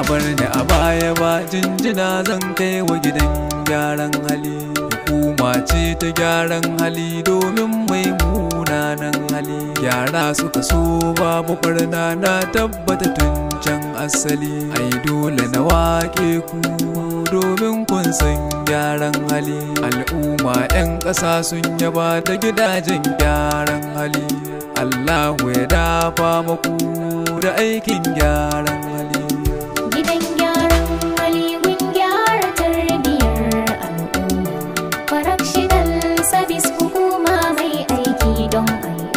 a bar ni a baya ba jinjina zan kai wa gidan gyaran hali hukuma ce ta gyaran hali domin mai munanan hali Gyara suka so babu barna na tabbata tun can asali ai dole na waƙe ku domin kun san gyaran hali al'umma 'yan ƙasa sun yaba ta gidajen gyaran hali allahu ya dafa maku da aikin gyara